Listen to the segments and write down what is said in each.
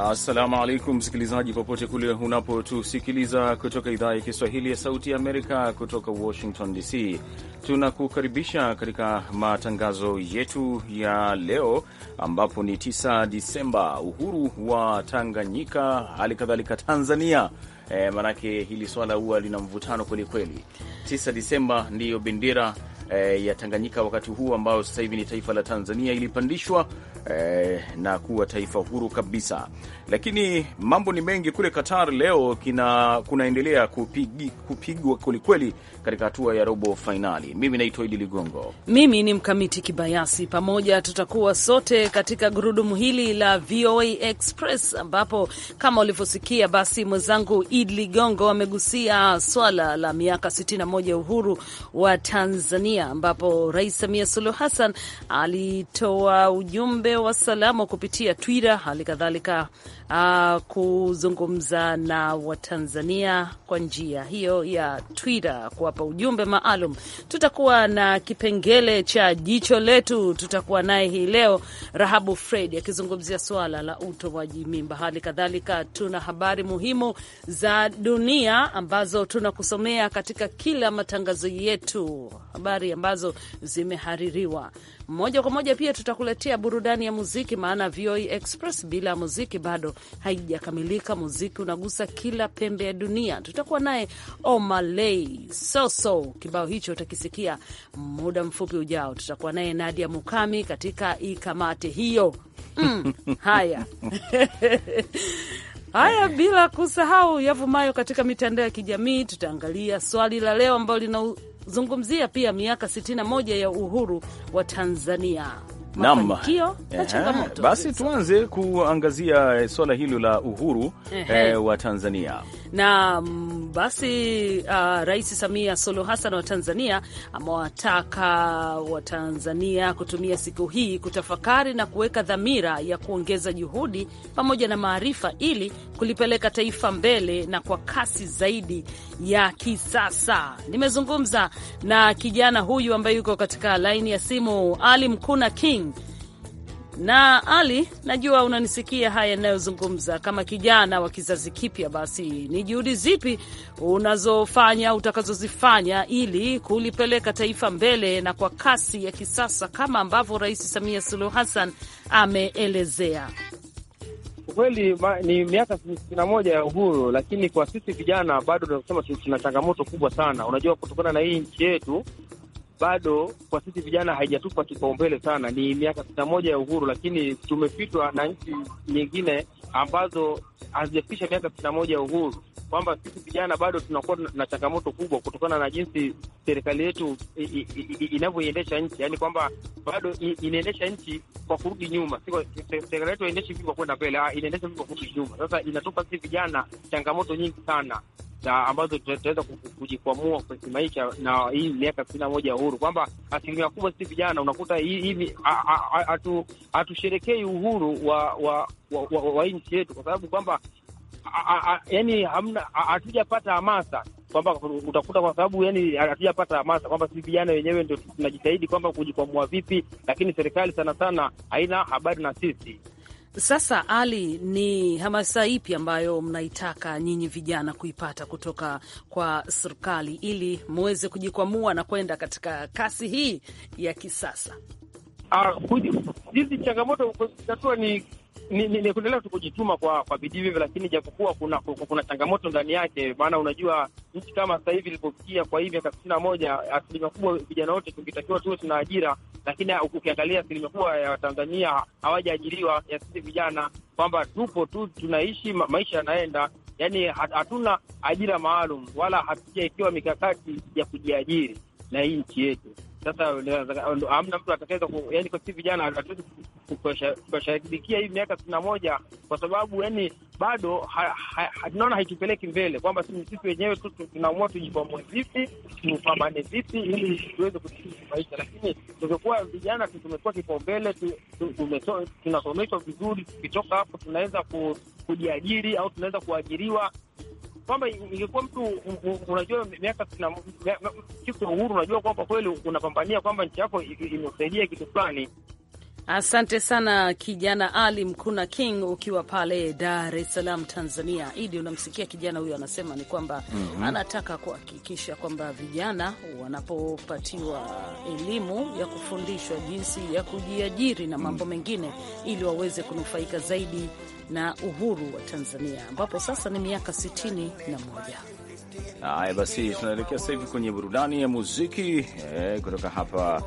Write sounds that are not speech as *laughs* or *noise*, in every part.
Assalamu alaikum msikilizaji, popote kule unapotusikiliza kutoka idhaa ya Kiswahili ya Sauti ya Amerika kutoka Washington DC, tunakukaribisha katika matangazo yetu ya leo, ambapo ni 9 Disemba, uhuru wa Tanganyika, hali kadhalika Tanzania. E, maanake hili swala huwa lina mvutano kwelikweli. 9 Disemba ndiyo bendera eh, ya Tanganyika wakati huu ambao sasa hivi ni taifa la Tanzania ilipandishwa eh, na kuwa taifa huru kabisa. Lakini mambo ni mengi kule Qatar leo kina, kunaendelea kupigi, kupigwa kwelikweli katika hatua ya robo fainali. Mimi naitwa Idi Ligongo, mimi ni Mkamiti Kibayasi, pamoja tutakuwa sote katika gurudumu hili la VOA Express ambapo kama ulivyosikia basi mwenzangu Idi Ligongo amegusia swala la miaka 61 ya uhuru wa Tanzania Tanzania, ambapo Rais Samia Suluhu Hassan alitoa ujumbe wa salamu kupitia Twitter, hali kadhalika uh, kuzungumza na Watanzania kwa njia hiyo ya Twitter, kuwapa ujumbe maalum. Tutakuwa na kipengele cha jicho letu, tutakuwa naye hii leo Rahabu Fred akizungumzia suala la utoaji mimba. Hali kadhalika tuna habari muhimu za dunia ambazo tunakusomea katika kila matangazo yetu, habari ambazo zimehaririwa moja kwa moja pia tutakuletea burudani ya muziki, maana VOA e Express bila muziki bado haijakamilika. Muziki unagusa kila pembe ya dunia. Tutakuwa naye Omalei Soso, kibao hicho utakisikia muda mfupi ujao. Tutakuwa naye Nadia Mukami katika ikamate hiyo. Mm, *laughs* haya *laughs* Haya, bila kusahau yavumayo katika mitandao ya kijamii. Tutaangalia swali la leo ambalo lina zungumzia pia miaka 61 ya uhuru wa Tanzania. Nam basi, tuanze kuangazia eh, swala hilo la uhuru e, wa Tanzania na basi, uh, Rais Samia Suluhu Hassan wa Tanzania amewataka Watanzania kutumia siku hii kutafakari na kuweka dhamira ya kuongeza juhudi pamoja na maarifa ili kulipeleka taifa mbele na kwa kasi zaidi ya kisasa. Nimezungumza na kijana huyu ambaye yuko katika laini ya simu, Ali Mkuna King King na Ali, najua unanisikia haya yanayozungumza. Kama kijana wa kizazi kipya, basi ni juhudi zipi unazofanya utakazozifanya ili kulipeleka taifa mbele na kwa kasi ya kisasa kama ambavyo Rais Samia Suluhu Hassan ameelezea? Kweli ni miaka sitini na moja ya uhuru, lakini kwa sisi vijana bado tunasema tuna changamoto kubwa sana. Unajua, kutokana na hii nchi yetu bado kwa sisi vijana haijatupa kipaumbele sana. Ni miaka sitini na moja ya uhuru, lakini tumepitwa na nchi nyingine ambazo hazijafikisha miaka sitini na moja ya uhuru kwamba sisi vijana bado tunakuwa na changamoto kubwa kutokana na jinsi serikali yetu inavyoiendesha nchi, yaani kwamba bado inaendesha nchi kwa kurudi nyuma. Serikali yetu haiendeshi vitu kwa kwenda mbele, inaendesha vitu kwa kurudi nyuma. Sasa inatupa sisi vijana changamoto nyingi sana ambazo tutaweza kujikwamua maisha na hii miaka sitini na moja ya uhuru, kwamba asilimia kubwa sisi vijana unakuta hivi hatusherekei uhuru wa wa, wa, wa, wa nchi yetu, kwa sababu kwamba yani hamna, hatujapata hamasa kwamba utakuta kwa sababu yani hatujapata hamasa kwamba sisi vijana wenyewe ndio tunajitahidi kwamba kujikwamua vipi, lakini serikali sana sana haina habari na sisi. Sasa Ali, ni hamasa ipi ambayo mnaitaka nyinyi vijana kuipata kutoka kwa serikali ili muweze kujikwamua na kwenda katika kasi hii ya kisasa? Hizi changamoto kuzitatua ni ni, ni, ni kuendelea tu kujituma kwa kwa bidii hivyo, lakini japokuwa kuna kuna changamoto ndani yake. Maana unajua nchi kama sasa hivi ilipofikia kwa hii miaka sitini na moja, asilimia kubwa vijana wote tungetakiwa tuwe tuna ajira, lakini ukiangalia asilimia kubwa ya Watanzania hawajaajiriwa, ya sisi vijana kwamba tupo tu tunaishi ma, maisha yanaenda yani, hatuna ajira maalum wala hatujaikiwa mikakati ya kujiajiri na hii nchi yetu. Sasa hamna mtu atakaweza, yani kwa sisi vijana hatuwezi kuwashabikia hii miaka sitini na moja kwa sababu yani bado tunaona ha, ha, haitupeleki mbele, kwamba sisi wenyewe tu tunaamua tujipamue vipi, tupambane vipi ili tuweze kuishi maisha. Lakini tungekuwa vijana tu tumekuwa kipaumbele, tunasomeshwa vizuri, tukitoka hapo tunaweza kujiajiri au tunaweza kuajiriwa kwamba ingekuwa mtu unajua miaka siku ya uhuru, unajua kwamba kweli unapambania kwamba nchi yako imekusaidia kitu fulani. Asante sana kijana Ali Mkuna King ukiwa pale Dar es Salaam, Tanzania. Idi, unamsikia kijana huyo anasema ni kwamba mm -hmm. anataka kuhakikisha kwamba vijana wanapopatiwa elimu ya kufundishwa jinsi ya kujiajiri na mambo mm -hmm. mengine ili waweze kunufaika zaidi na uhuru wa Tanzania ambapo sasa ni miaka sitini na moja. Haya basi, tunaelekea sasa hivi kwenye burudani ya muziki e, kutoka hapa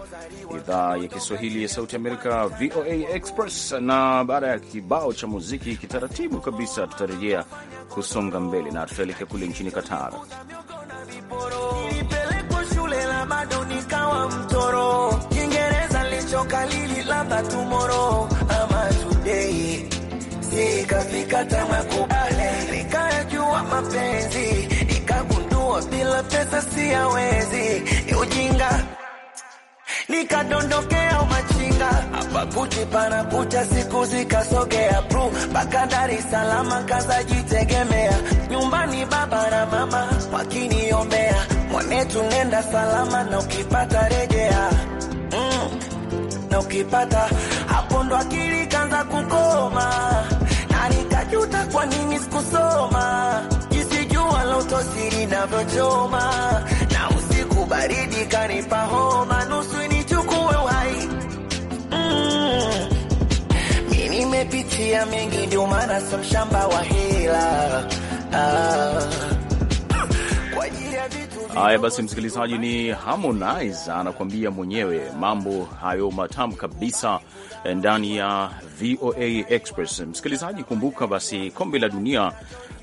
idhaa ya Kiswahili ya Sauti Amerika, VOA Express. Na baada ya kibao cha muziki kitaratibu kabisa, tutarejea kusonga mbele na tutaelekea kule nchini Qatar. Nilipelekwa shule la bado nikawa mtoro, Kiingereza lichokalili labda tumoro ama today, sikafika tamakubale nikayajua mapenzi bila pesa siyawezi, ni ujinga nikadondokea umachinga hapa kuti pana kucha, siku zikasogea pru mpaka Dar es Salaam, kazajitegemea nyumbani, baba na mama wakiniombea, mwanetu nenda salama na ukipata rejea mm, na ukipata hapo ndo akili kanza kukoma na nikajuta, kwa nini sikusoma josi linavyochoma na usiku baridi kanipa homa nusu nichukue uhai mm. nimepitia mengi ndio maana si mshamba wa hila ah. Haya basi, msikilizaji, ni Harmonize anakuambia mwenyewe mambo hayo matamu kabisa ndani ya VOA Express. Msikilizaji, kumbuka basi kombe la dunia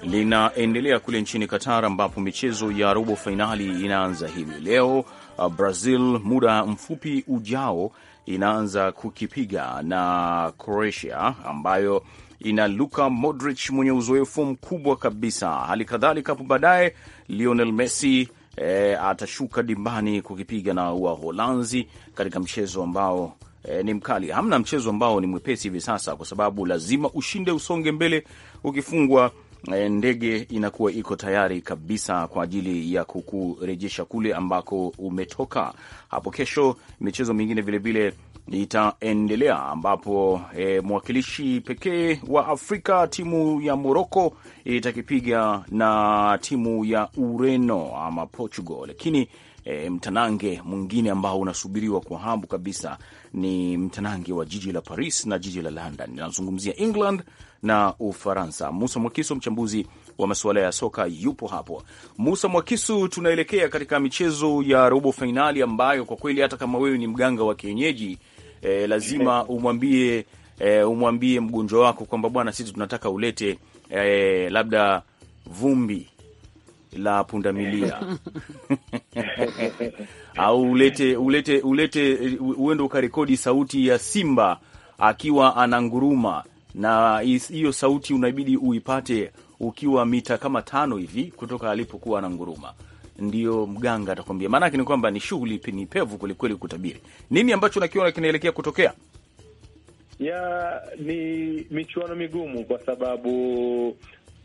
linaendelea kule nchini Qatar, ambapo michezo ya robo fainali inaanza hivi leo. Uh, Brazil muda mfupi ujao inaanza kukipiga na Croatia ambayo ina Luka Modric mwenye uzoefu mkubwa kabisa. Hali kadhalika hapo baadaye Lionel Messi e, atashuka dimbani kukipiga na Waholanzi katika mchezo ambao E, ni mkali. Hamna mchezo ambao ni mwepesi hivi sasa, kwa sababu lazima ushinde, usonge mbele. Ukifungwa E, ndege inakuwa iko tayari kabisa kwa ajili ya kukurejesha kule ambako umetoka. Hapo kesho michezo mingine vilevile itaendelea ambapo e, mwakilishi pekee wa Afrika timu ya Moroko itakipiga na timu ya Ureno ama Portugal, lakini e, mtanange mwingine ambao unasubiriwa kwa hamu kabisa ni mtanange wa jiji la Paris na jiji la London. Nazungumzia England na Ufaransa. Musa Mwakiso, mchambuzi wa masuala ya soka, yupo hapo. Musa Mwakisu, tunaelekea katika michezo ya robo fainali ambayo kwa kweli hata kama wewe ni mganga wa kienyeji e, lazima *laughs* umwambie e, umwambie mgonjwa wako kwamba bwana, sisi tunataka ulete e, labda vumbi la pundamilia au ulete ulete ulete uende ukarekodi sauti ya simba akiwa ananguruma, na hiyo sauti unabidi uipate ukiwa mita kama tano hivi kutoka alipokuwa ananguruma ndio mganga atakwambia. Maanake ni kwamba ni shughuli ni pevu kwelikweli kutabiri nini ambacho nakiona kinaelekea kutokea. Ya ni michuano migumu kwa sababu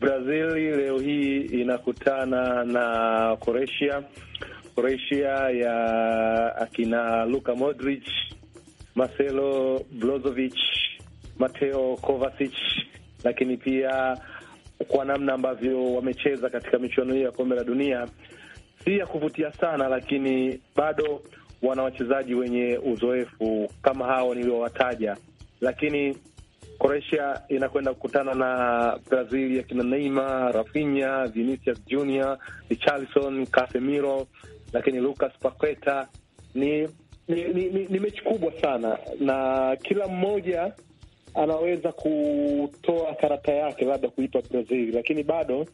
Brazil leo hii inakutana na Croatia, Croatia ya akina Luka Modric, Marcelo Brozovic, Mateo Kovacic, lakini pia kwa namna ambavyo wamecheza katika michuano hii ya kombe la dunia si ya kuvutia sana, lakini bado wana wachezaji wenye uzoefu kama hao niliowataja, lakini Croatia inakwenda kukutana na Brazil ya kina Neymar, Rafinha, Vinicius Junior, Richarlison, Casemiro, lakini Lucas Paqueta. Ni ni, ni, ni, ni mechi kubwa sana na kila mmoja anaweza kutoa karata yake labda kuipa Brazil, lakini bado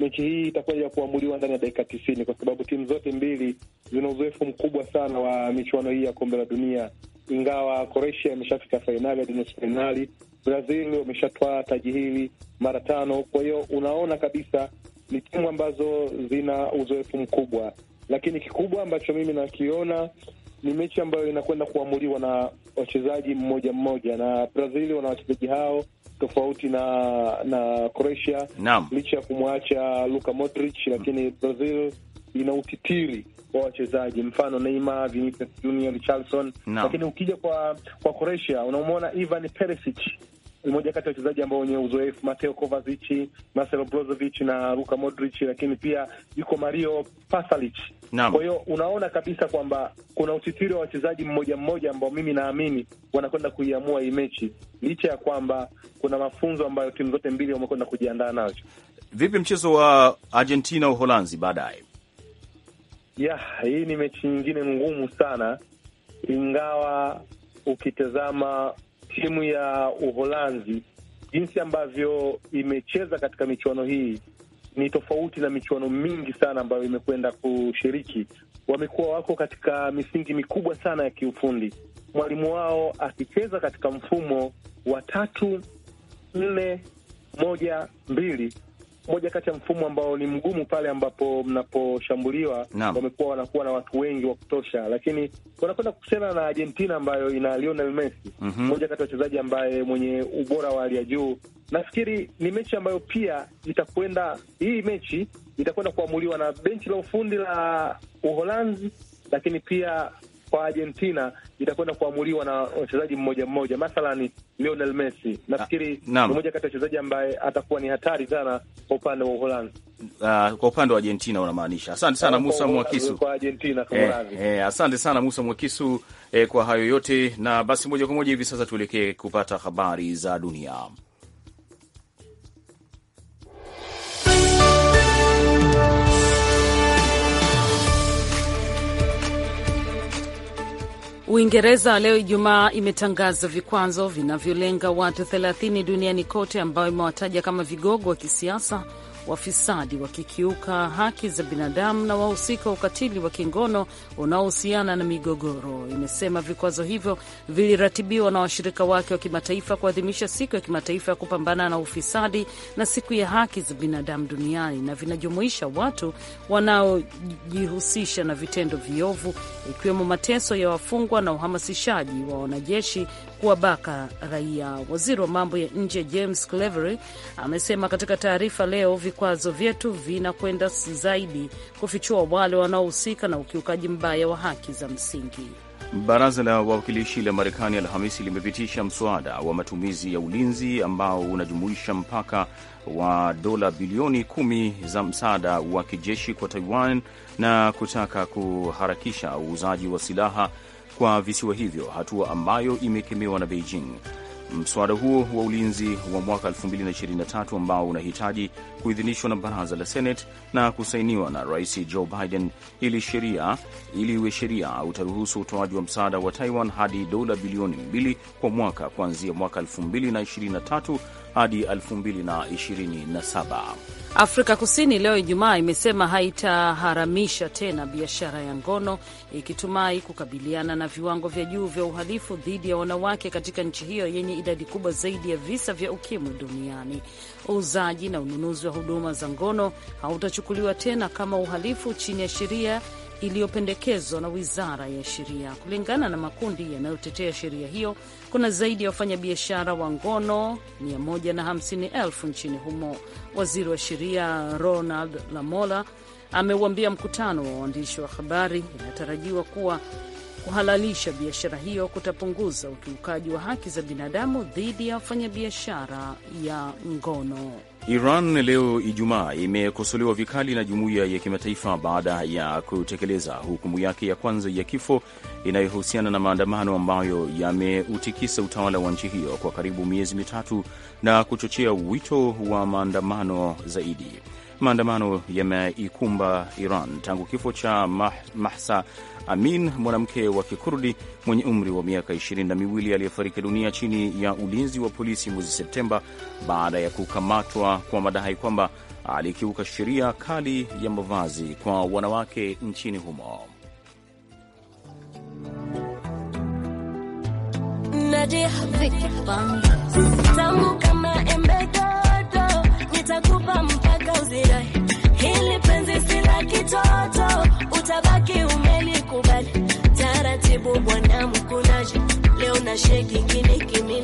mechi hii itakuwa ya kuamuliwa ndani ya dakika tisini kwa sababu timu zote mbili zina uzoefu mkubwa sana wa michuano hii ya kombe la dunia ingawa Croatia imeshafika fainali ya nusu fainali, Brazil wameshatwaa taji hili mara tano. Kwa hiyo unaona kabisa ni timu ambazo zina uzoefu mkubwa, lakini kikubwa ambacho mimi nakiona ni mechi ambayo inakwenda kuamuliwa na wachezaji mmoja mmoja, na Brazil wana wachezaji hao tofauti na na Croatia. licha ya kumwacha Luka Modric, lakini Brazil ina utitiri wa wachezaji, mfano Neymar, Vinicius Junior, Richarlison no. Lakini ukija kwa kwa Croatia unamwona Ivan Perisic mmoja kati ya wachezaji ambao wenye uzoefu, Mateo Kovacic, Marcelo Brozovic na Luka Modric, lakini pia yuko Mario Pasalic. Kwa hiyo unaona kabisa kwamba kuna utitiri wa wachezaji mmoja mmoja ambao mimi naamini wanakwenda kuiamua hii mechi, licha ya kwamba kuna mafunzo ambayo timu zote mbili wamekwenda kujiandaa nayo. Vipi mchezo wa Argentina Uholanzi baadaye? Yeah, hii ni mechi nyingine ngumu sana, ingawa ukitazama timu ya Uholanzi jinsi ambavyo imecheza katika michuano hii ni tofauti na michuano mingi sana ambayo imekwenda kushiriki. Wamekuwa wako katika misingi mikubwa sana ya kiufundi, mwalimu wao akicheza katika mfumo wa tatu nne moja mbili moja kati ya mfumo ambao ni mgumu pale ambapo mnaposhambuliwa, wamekuwa wanakuwa na watu wengi wa kutosha, lakini wanakwenda kukutana na Argentina ambayo ina Lionel Messi, mmoja mhm. mm -hmm. kati ya wachezaji ambaye mwenye ubora wa hali ya juu. Nafikiri ni mechi ambayo pia itakwenda, hii mechi itakwenda kuamuliwa na benchi la ufundi la Uholanzi, lakini pia kwa Argentina itakwenda kuamuliwa na wachezaji mmoja mmoja, mathalani Lionel Messi nafikiri ah, ni mmoja kati ya wachezaji ambaye atakuwa ni hatari sana kwa upande wa Uholanzi. Uh, kwa upande wa Argentina unamaanisha. Asante sana eh, Musa Mwakisu kwa Argentina. Eh, eh, asante sana Musa Mwakisu eh, kwa hayo yote, na basi moja kwa moja hivi sasa tuelekee kupata habari za dunia. Uingereza leo Ijumaa imetangaza vikwazo vinavyolenga watu 30 duniani kote, ambayo imewataja kama vigogo wa kisiasa wafisadi wakikiuka haki za binadamu na wahusika wa ukatili wa kingono unaohusiana na migogoro. Imesema vikwazo hivyo viliratibiwa na washirika wake wa kimataifa kuadhimisha siku ya kimataifa ya kupambana na ufisadi na siku ya haki za binadamu duniani, na vinajumuisha watu wanaojihusisha na vitendo viovu, ikiwemo mateso ya wafungwa na uhamasishaji wa wanajeshi kuwabaka raia. Waziri wa mambo ya nje James Cleverly amesema katika taarifa leo vikwazo vyetu vinakwenda zaidi kufichua wale wanaohusika na ukiukaji mbaya wa haki za msingi. Baraza la Wawakilishi la Marekani Alhamisi limepitisha mswada wa matumizi ya ulinzi ambao unajumuisha mpaka wa dola bilioni kumi za msaada wa kijeshi kwa Taiwan na kutaka kuharakisha uuzaji wa silaha kwa visiwa hivyo, hatua ambayo imekemewa na Beijing. Mswada huo wa ulinzi wa mwaka 2023 ambao unahitaji kuidhinishwa na baraza la Senate na kusainiwa na Rais Joe Biden ili sheria ili iwe sheria utaruhusu utoaji wa msaada wa Taiwan hadi dola bilioni 2 kwa mwaka kuanzia mwaka 2023 hadi 2027. Afrika Kusini leo Ijumaa imesema haitaharamisha tena biashara ya ngono ikitumai kukabiliana na viwango vya juu vya uhalifu dhidi ya wanawake katika nchi hiyo yenye idadi kubwa zaidi ya visa vya ukimwi duniani. Uuzaji na ununuzi wa huduma za ngono hautachukuliwa tena kama uhalifu chini ya sheria iliyopendekezwa na wizara ya sheria. Kulingana na makundi yanayotetea sheria hiyo, kuna zaidi ya wafanyabiashara wa ngono 150,000 nchini humo. Waziri wa sheria Ronald Lamola ameuambia mkutano wa waandishi wa habari inatarajiwa kuwa Kuhalalisha biashara hiyo kutapunguza ukiukaji wa haki za binadamu dhidi ya wafanyabiashara ya ngono. Iran leo Ijumaa imekosolewa vikali na jumuiya ya kimataifa baada ya kutekeleza hukumu yake ya kwanza ya kifo inayohusiana na maandamano ambayo yameutikisa utawala wa nchi hiyo kwa karibu miezi mitatu na kuchochea wito wa maandamano zaidi. Maandamano yameikumba Iran tangu kifo cha Mahsa Amin, mwanamke wa Kikurdi mwenye umri wa miaka ishirini na miwili aliyefariki dunia chini ya ulinzi wa polisi mwezi Septemba baada ya kukamatwa kwa madai kwamba alikiuka sheria kali ya mavazi kwa wanawake nchini humo uzidai, hili penzi si la kitoto, utabaki umelikubali taratibu, bwana mkunaji leo na sheki kimini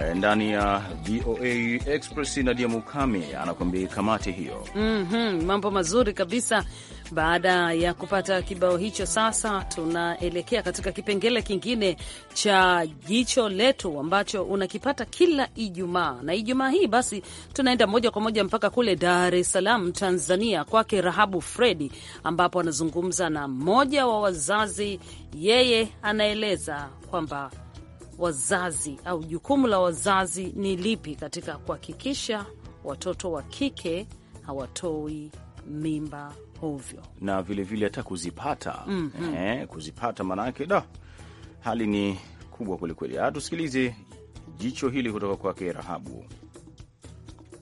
Eh, ndani ya VOA Express. Nadia Mukami anakuambia kamati hiyo. mm -hmm, mambo mazuri kabisa. Baada ya kupata kibao hicho, sasa tunaelekea katika kipengele kingine cha jicho letu ambacho unakipata kila Ijumaa, na Ijumaa hii basi tunaenda moja kwa moja mpaka kule Dar es Salaam, Tanzania, kwake Rahabu Fredi, ambapo anazungumza na mmoja wa wazazi. Yeye anaeleza kwamba wazazi au jukumu la wazazi ni lipi katika kuhakikisha watoto wa kike hawatoi mimba hovyo na vilevile hata kuzipata. mm -hmm. Eh, kuzipata maanayake da, hali ni kubwa kwelikweli. Tusikilize jicho hili kutoka kwake Rahabu.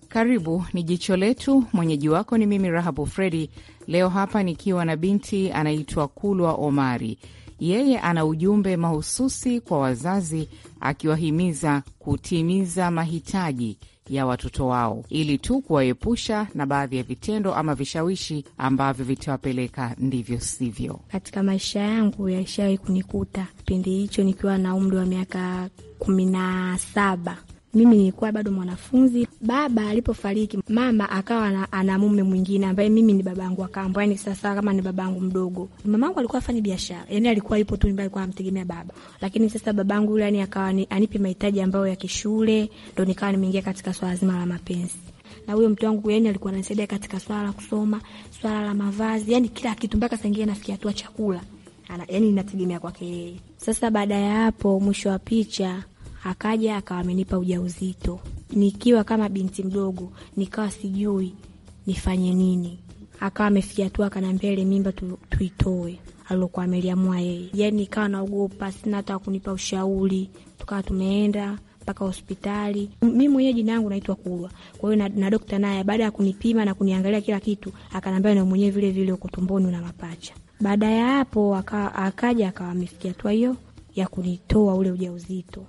Karibu ni jicho letu, mwenyeji wako ni mimi Rahabu Fredi. Leo hapa nikiwa na binti anaitwa Kulwa Omari. Yeye ana ujumbe mahususi kwa wazazi, akiwahimiza kutimiza mahitaji ya watoto wao ili tu kuwaepusha na baadhi ya vitendo ama vishawishi ambavyo vitawapeleka ndivyo sivyo. Katika maisha yangu yashawahi kunikuta kipindi hicho nikiwa na umri wa miaka kumi na saba mimi nilikuwa bado mwanafunzi. Baba alipofariki, mama akawa ana mume mwingine ambaye mimi ni babangu wa kambo, yani sasa kama ni babangu mdogo. Mamangu alikuwa afanya biashara, yani alikuwa ipo tu nyumbani, alikuwa anamtegemea baba, lakini sasa babangu yule yani akawa anipe mahitaji ambayo ya kishule, ndo nikawa nimeingia katika swala zima la mapenzi na huyo mtu wangu yani alikuwa ananisaidia katika swala la kusoma, swala la mavazi, yani kila kitu, mpaka saingia nafikia hatua chakula ana, yani inategemea kwake yeye. Sasa baada ya hapo, mwisho wa picha akaja akawa amenipa ujauzito nikiwa kama binti mdogo, nikawa sijui nifanye nini. Akawa amefikia tu akaniambia ile mimba tu, tuitoe aliokuwa ameliamua yeye. Yani nikawa naogopa, sina hata kunipa ushauri. Tukawa tumeenda mpaka hospitali. Mi mwenyewe jina yangu naitwa Kulwa, kwa hiyo na, na dokta naye baada ya kunipima na kuniangalia kila kitu akaniambia na mwenyewe vile vile uko tumboni una mapacha. Baada ya hapo akaja akawa amefikia hatua hiyo ya kunitoa ule ujauzito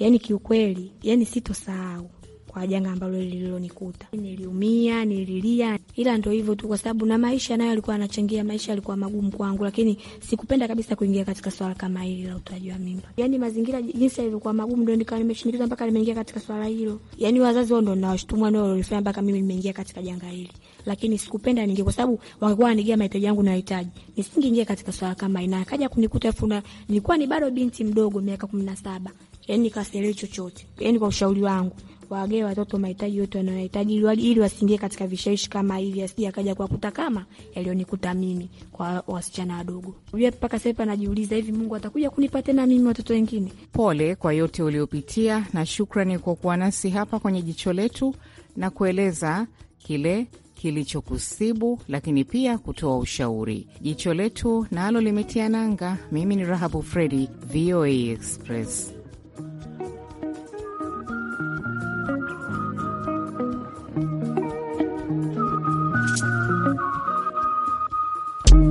yani kiukweli, yani sitosahau kwa janga ambalo lililonikuta. Niliumia, nililia, ila ndo hivyo tu, kwa sababu na maisha nayo alikuwa anachangia. Maisha alikuwa magumu kwangu, lakini sikupenda kabisa kuingia katika swala kama hili la utoaji wa mimba. Yani mazingira jinsi yalivyokuwa magumu, ndo nikawa nimeshinikizwa mpaka nimeingia katika swala hilo. Yani wazazi wao ndo nawashutumu, nao walifanya mpaka mimi nimeingia katika janga hili, lakini sikupenda ningie, kwa sababu wangekuwa wanigia mahitaji yangu na hitaji, nisingeingia katika swala kama ina akaja kunikuta, afu nilikuwa ni bado binti mdogo, miaka kumi na saba yani nikawasaidia chochote. Yani kwa ushauri wangu wagee watoto mahitaji yote wanayohitaji ili wasiingie katika vishawishi kama hivi, asije akaja kuwakuta kama yalionikuta mimi kwa wasichana wadogo. Ujua mpaka sasa hapa najiuliza, hivi Mungu atakuja kunipa tena mimi watoto wengine? Pole kwa yote uliopitia, na shukrani kwa kuwa nasi hapa kwenye jicho letu na kueleza kile kilichokusibu lakini pia kutoa ushauri. Jicho letu nalo limetia nanga. Mimi ni Rahabu Fredi, VOA Express.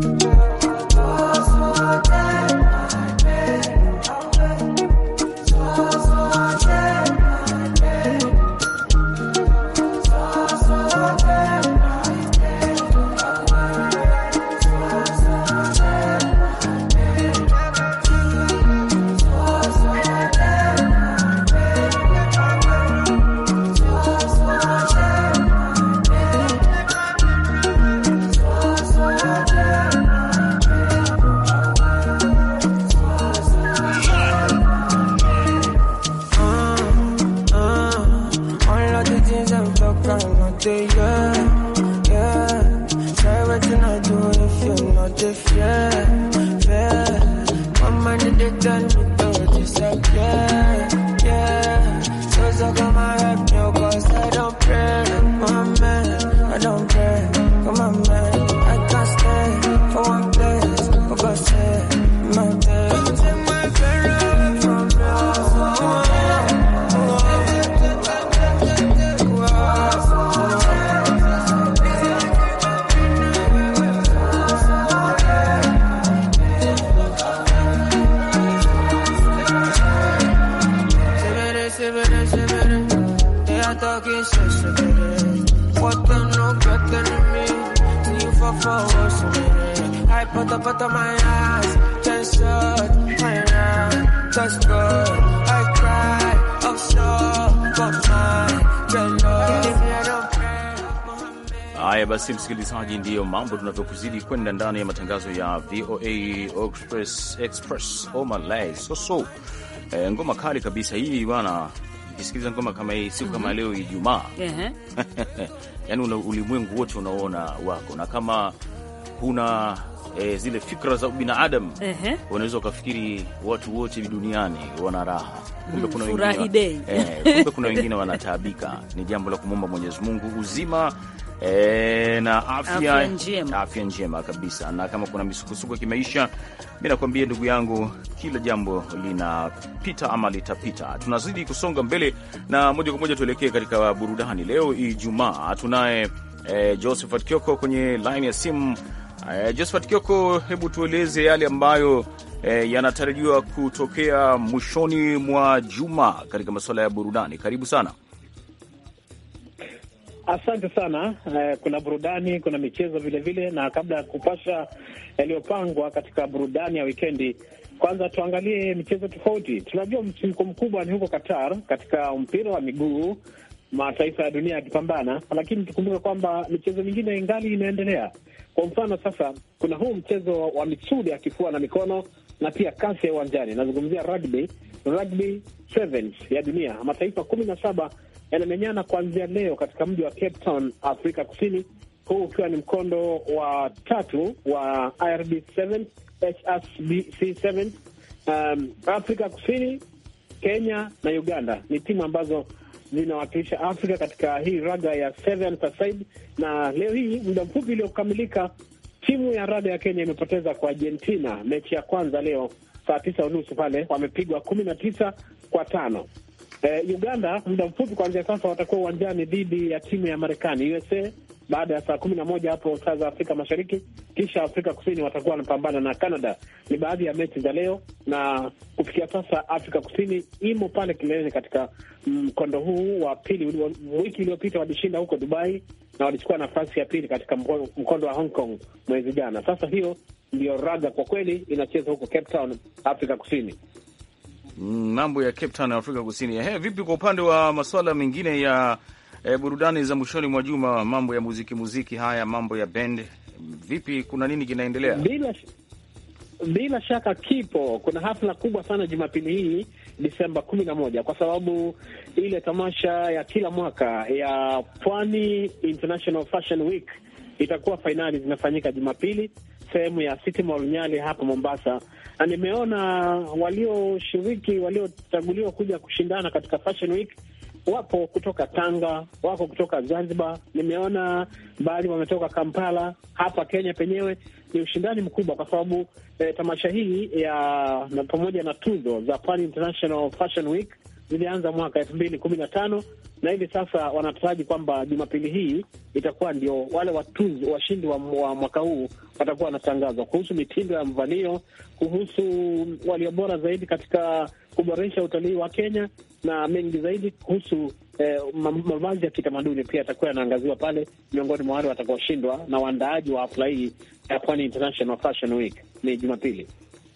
Cause we're basi msikilizaji, ndiyo mambo tunavyokuzidi kwenda ndani ya matangazo ya VOA Express, Express Omalai oh Soso. E, eh, ngoma kali kabisa hii bwana. Ukisikiliza ngoma kama hii siku kama mhm. leo Ijumaa, *laughs* yaani ulimwengu wote unaona wako na kama kuna e, zile fikra za binadamu wanaweza wakafikiri watu wote duniani wana raha, kumbe mm, kuna wengine *laughs* eh, kuna wengine wanataabika. Ni jambo la kumwomba Mwenyezi Mungu uzima E, na afya, afya njema, afya njema kabisa. Na kama kuna misukosuko ya kimaisha, mi nakwambia ndugu yangu, kila jambo linapita ama litapita. Tunazidi kusonga mbele na moja kwa moja tuelekee katika burudani. Leo Ijumaa tunaye eh, Josephat Kioko kwenye line ya simu Uh, eh, Josephat Kioko, hebu tueleze yale ambayo eh, yanatarajiwa kutokea mwishoni mwa juma katika masuala ya burudani. Karibu sana. Asante sana. Eh, kuna burudani, kuna michezo vilevile vile, na kabla ya kupasha yaliyopangwa katika burudani ya wikendi, kwanza tuangalie michezo tofauti. Tunajua msimko mkubwa ni huko Qatar katika mpira wa miguu, mataifa ya dunia yakipambana, lakini tukumbuke kwamba michezo mingine ingali inaendelea. Kwa mfano sasa, kuna huu mchezo wa misuli ya kifua na mikono na pia kasi ya uwanjani. Nazungumzia rugby, rugby sevens ya dunia. Mataifa kumi na saba yanamenyana kuanzia leo katika mji wa Cape Town, Afrika Kusini, huu ukiwa ni mkondo wa tatu wa IRB 7 HSBC 7. Um, Afrika Kusini, Kenya na Uganda ni timu ambazo zinawakilisha Afrika katika hii raga ya seven side, na leo hii muda mfupi uliokamilika timu ya raga ya Kenya imepoteza kwa Argentina mechi ya kwanza leo saa tisa unusu pale, wamepigwa kumi na tisa kwa tano eh, Uganda muda mfupi kuanzia sasa watakuwa uwanjani dhidi ya timu ya Marekani USA baada ya saa kumi na moja hapo saa za Afrika Mashariki. Kisha Afrika Kusini watakuwa wanapambana na Canada. Ni baadhi ya mechi za leo, na kufikia sasa Afrika Kusini imo pale kileleni katika mm, mkondo huu wa pili. Wiki iliyopita walishinda huko Dubai na walichukua nafasi ya pili katika mkondo wa Hong Kong mwezi jana. Sasa hiyo ndiyo raga kwa kweli inacheza huko Cape Town, Afrika Kusini mambo ya Cape Town, Afrika Kusini. He, vipi kwa upande wa masuala mengine ya e, burudani za mwishoni mwa juma, mambo ya muziki muziki, haya mambo ya bend, vipi, kuna nini kinaendelea? bila bila shaka kipo. Kuna hafla kubwa sana Jumapili hii Disemba kumi na moja kwa sababu ile tamasha ya kila mwaka ya Pwani International Fashion Week itakuwa fainali zinafanyika Jumapili sehemu ya City Mall Nyali hapa Mombasa, na nimeona walioshiriki waliochaguliwa kuja kushindana katika Fashion Week wapo kutoka Tanga, wako kutoka Zanzibar, nimeona baadhi wametoka Kampala. Hapa Kenya penyewe ni ushindani mkubwa, kwa sababu eh, tamasha hii ya pamoja na tuzo za Pan International Fashion Week zilianza mwaka elfu mbili kumi na tano na hivi sasa wanataraji kwamba Jumapili hii itakuwa ndio wale watuzi washindi wa, wa mwaka huu watakuwa wanatangazwa kuhusu mitindo ya mvalio, kuhusu walio bora zaidi katika kuboresha utalii wa Kenya na mengi zaidi kuhusu eh, mavazi ya kitamaduni pia yatakuwa yanaangaziwa pale, miongoni mwa wale watakaoshindwa na waandaaji wa hafla hii ya Pwani International Fashion Week ni Jumapili.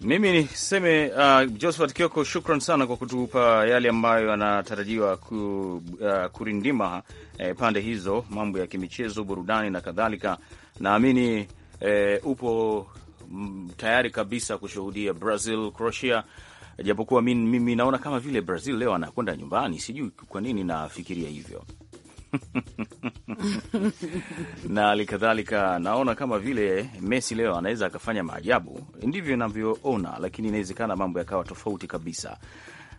Mimi niseme uh, Josephat Kioko, shukran sana kwa kutupa yale ambayo anatarajiwa ku, uh, kurindima eh, pande hizo, mambo ya kimichezo, burudani na kadhalika. Naamini eh, upo m, mm, tayari kabisa kushuhudia Brazil Croatia, japokuwa mimi naona kama vile Brazil leo anakwenda nyumbani, sijui kwa nini nafikiria hivyo. *laughs* na alikadhalika, naona kama vile Messi leo anaweza akafanya maajabu, ndivyo inavyoona, lakini inawezekana mambo yakawa tofauti kabisa.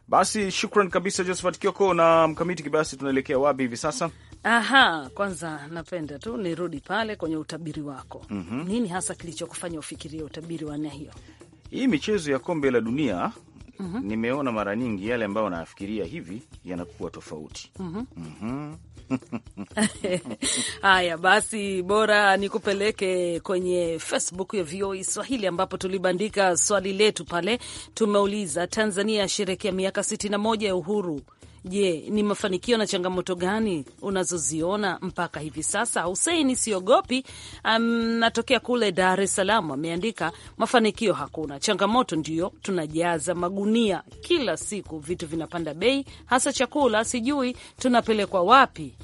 Basi shukran kabisa Josephat Kioko na Mkamiti Kibasi. Tunaelekea wapi hivi sasa? Aha, kwanza napenda tu nirudi pale kwenye utabiri wako. mm -hmm. Nini hasa kilichokufanya ufikirie utabiri wa aina hiyo? Hii michezo ya kombe la dunia mm -hmm. Nimeona mara nyingi yale ambayo nafikiria hivi yanakuwa tofauti. mm -hmm. Mm -hmm. *laughs* Haya basi, bora nikupeleke kwenye Facebook ya VOA e Swahili ambapo tulibandika swali letu pale. Tumeuliza, Tanzania yasherekea miaka 61 ya uhuru Je, ni mafanikio na changamoto gani unazoziona mpaka hivi sasa? Huseini Siogopi anatokea um, kule Dar es Salaam ameandika, mafanikio hakuna, changamoto ndiyo tunajaza magunia kila siku, vitu vinapanda bei, hasa chakula, sijui tunapelekwa wapi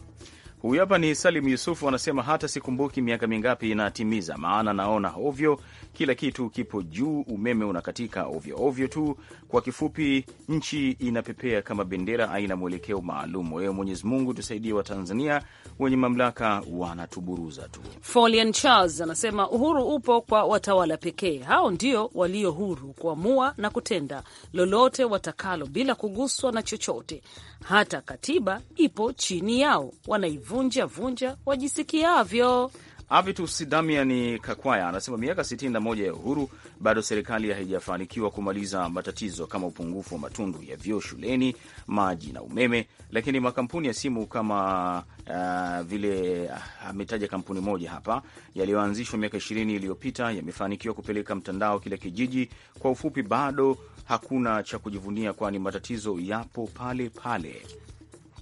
Huyu hapa ni Salim Yusufu, anasema hata sikumbuki miaka mingapi inatimiza, maana naona ovyo, kila kitu kipo juu, umeme unakatika ovyo ovyo tu. Kwa kifupi, nchi inapepea kama bendera, aina mwelekeo maalum. Wewe Mwenyezi Mungu tusaidie, Watanzania wenye mamlaka wanatuburuza tu. Folian Charles anasema uhuru upo kwa watawala pekee, hao ndio walio huru kuamua na kutenda lolote watakalo bila kuguswa na chochote, hata katiba ipo chini yao wanaivu vunja vunja wajisikiavyo. Avitus Damiani Kakwaya anasema miaka 61 ya uhuru bado serikali haijafanikiwa kumaliza matatizo kama upungufu wa matundu ya vyoo shuleni, maji na umeme, lakini makampuni ya simu kama uh, vile ah, ametaja uh, kampuni moja hapa yaliyoanzishwa miaka 20 iliyopita yamefanikiwa kupeleka mtandao kila kijiji. Kwa ufupi, bado hakuna cha kujivunia, kwani matatizo yapo pale pale.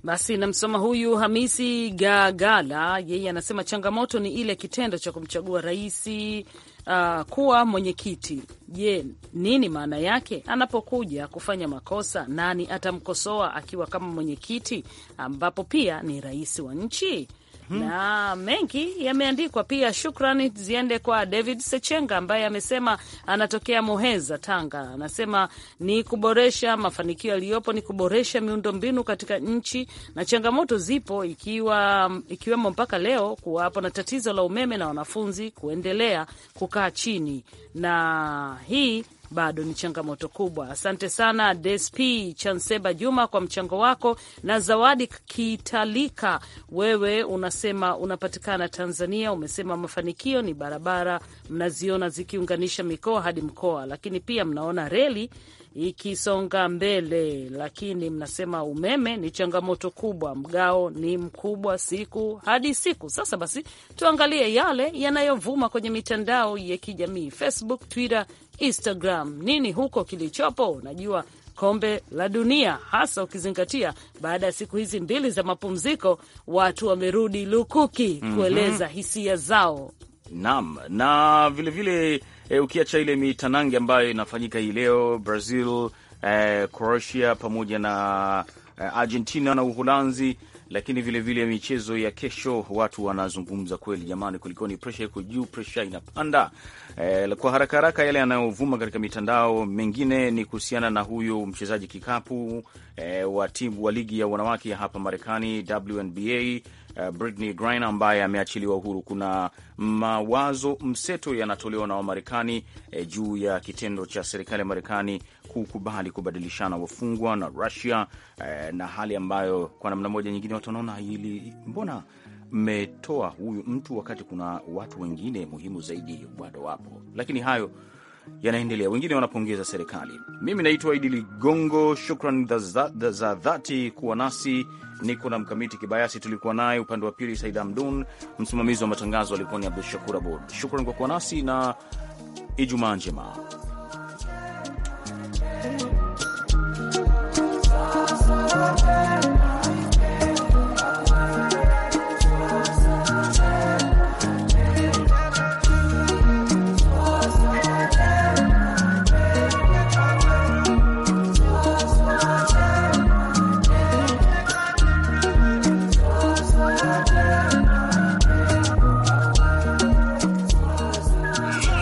Basi namsoma huyu Hamisi Gagala, yeye anasema changamoto ni ile kitendo cha kumchagua rais uh, kuwa mwenyekiti. Je, nini maana yake? Anapokuja kufanya makosa, nani atamkosoa akiwa kama mwenyekiti, ambapo pia ni rais wa nchi? mm -hmm. na mengi yameandikwa pia. Shukrani ziende kwa David Sechenga ambaye amesema anatokea Muheza, Tanga. Anasema ni kuboresha mafanikio yaliyopo, ni kuboresha miundombinu katika nchi, na changamoto zipo ikiwa ikiwemo mpaka leo kuwapo na tatizo la umeme na wanafunzi kuendelea kukaa chini, na hii bado ni changamoto kubwa. Asante sana Desp Chanseba Juma kwa mchango wako, na Zawadi Kitalika, wewe unasema unapatikana Tanzania. Umesema mafanikio ni barabara mnaziona zikiunganisha mikoa hadi mkoa, lakini pia mnaona reli ikisonga mbele, lakini mnasema umeme ni changamoto kubwa, mgao ni mkubwa siku hadi siku. Sasa basi, tuangalie yale yanayovuma kwenye mitandao ya kijamii Facebook, Twitter, Instagram. Nini huko kilichopo? Unajua kombe la dunia hasa ukizingatia baada ya siku hizi mbili za mapumziko, watu wamerudi lukuki mhm. kueleza hisia zao. Naam, na vilevile vile e, ukiacha ile mitanange ambayo inafanyika hii leo Brazil, e, Croatia pamoja na e, Argentina na Uholanzi, lakini vilevile vile michezo ya kesho, watu wanazungumza kweli. Jamani, kulikoni? Presha iko juu, presha inapanda. E, kwa haraka haraka yale yanayovuma katika mitandao mengine ni kuhusiana na huyu mchezaji kikapu e, wa timu wa ligi ya wanawake hapa Marekani WNBA Eh, britny grin Griner ambaye ameachiliwa uhuru. Kuna mawazo mseto yanatolewa na Wamarekani e, juu ya kitendo cha serikali ya Marekani kukubali kubadilishana wafungwa na Russia e, na hali ambayo kwa namna moja nyingine watu wanaona hili, mbona mmetoa huyu mtu wakati kuna watu wengine muhimu zaidi bado wapo, lakini hayo yanaendelea, wengine wanapongeza serikali. Mimi naitwa Idi Ligongo, shukran za dhati kuwa nasi niko na Mkamiti Kibayasi, tulikuwa naye upande wa pili Said Amdun, msimamizi wa matangazo alikuwa ni Abdul Shakur Abud. Shukran kwa kuwa nasi na Ijumaa njema.